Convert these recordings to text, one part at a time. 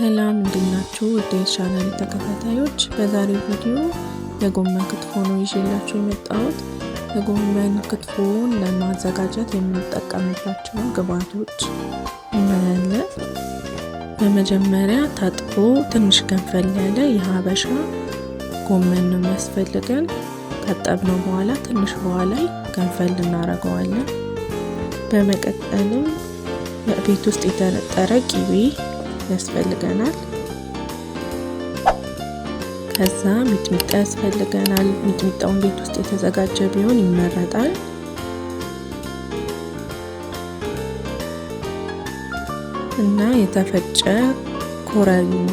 ሰላም እንድናችሁ ውድ ቻናል ተከታታዮች፣ በዛሬው ቪዲዮ የጎመን ክትፎ ነው ይዤላችሁ የመጣሁት። የጎመን ክትፎውን ለማዘጋጀት የምንጠቀምባቸውን ግባቶች እናያለን። በመጀመሪያ ታጥቦ ትንሽ ገንፈል ያለ የሀበሻ ጎመን ነው የሚያስፈልገን። ካጠብነው በኋላ ትንሽ ውሃ ላይ ገንፈል እናደርገዋለን። በመቀጠልም ቤት ውስጥ የተነጠረ ቂቤ ያስፈልገናል። ከዛ ሚጥሚጣ ያስፈልገናል። ሚጥሚጣውን ቤት ውስጥ የተዘጋጀ ቢሆን ይመረጣል። እና የተፈጨ ኮረሪማ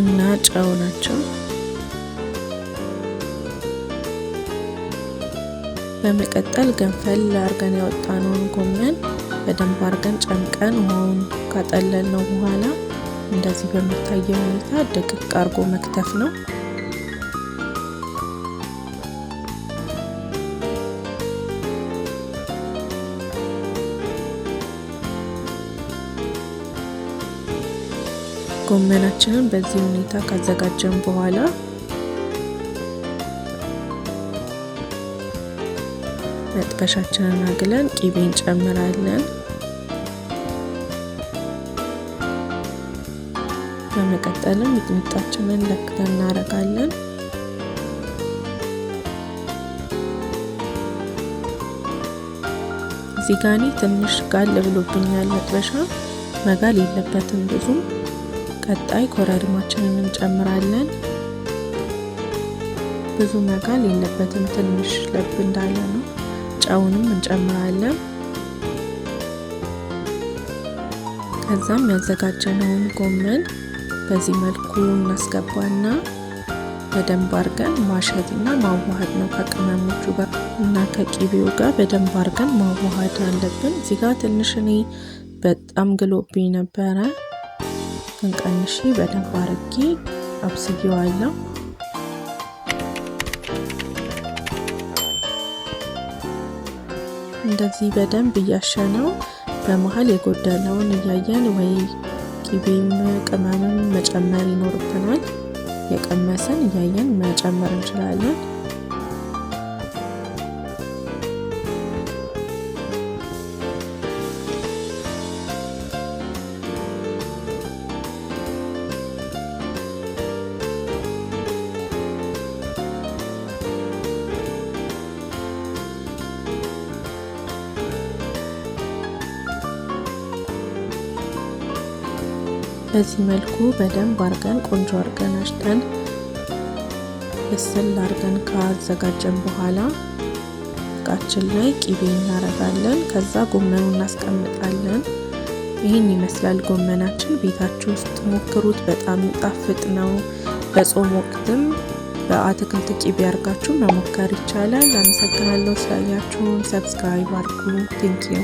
እና ጨው ናቸው። በመቀጠል ገንፈል አርገን ያወጣነውን ጎመን በደንብ አርገን ጨምቀን ውሃውን ካጠለልነው በኋላ እንደዚህ በሚታየው ሁኔታ ድቅቅ አርጎ መክተፍ ነው። ጎመናችንን በዚህ ሁኔታ ካዘጋጀን በኋላ መጥበሻችንን አግለን ቂቤ እንጨምራለን። በመቀጠልም ሚጥሚጣችንን ለክተን እናደርጋለን። እዚህ ጋ እኔ ትንሽ ጋል ብሎብኛል። መጥበሻ መጋል የለበትም ብዙ። ቀጣይ ኮረሪማችንን እንጨምራለን። ብዙ መጋል የለበትም፣ ትንሽ ለብ እንዳለ ነው። ጨውንም እንጨምራለን። ከዛም ያዘጋጀነውን ጎመን በዚህ መልኩ እናስገባና በደንብ አርገን እና ማዋሃድ ነው። ከቅመሞቹ ጋር እና ከቂቤው ጋር በደንብ አርገን ማዋሃድ አለብን። እዚህ ጋር ትንሽ እኔ በጣም ግሎብኝ ነበረ። እንቀንሺ በደንብ አርጌ አብስየዋለሁ። እንደዚህ በደንብ እያሸነው በመሀል የጎደለውን እያየን ወይ ቂቤም ቅመምም መጨመር ይኖርብናል። የቀመሰን እያየን መጨመር እንችላለን። በዚህ መልኩ በደንብ አርገን ቆንጆ አርገን አሽተን በስል አርገን ካዘጋጀን በኋላ እቃችን ላይ ቂቤ እናረጋለን። ከዛ ጎመኑ እናስቀምጣለን። ይህን ይመስላል ጎመናችን። ቤታችሁ ውስጥ ሞክሩት፣ በጣም ጣፍጥ ነው። በጾም ወቅትም በአትክልት ቂቤ አርጋችሁ መሞከር ይቻላል። አመሰግናለሁ ስላያችሁን። ሰብስክራይብ አርጉ። ቴንኪዩ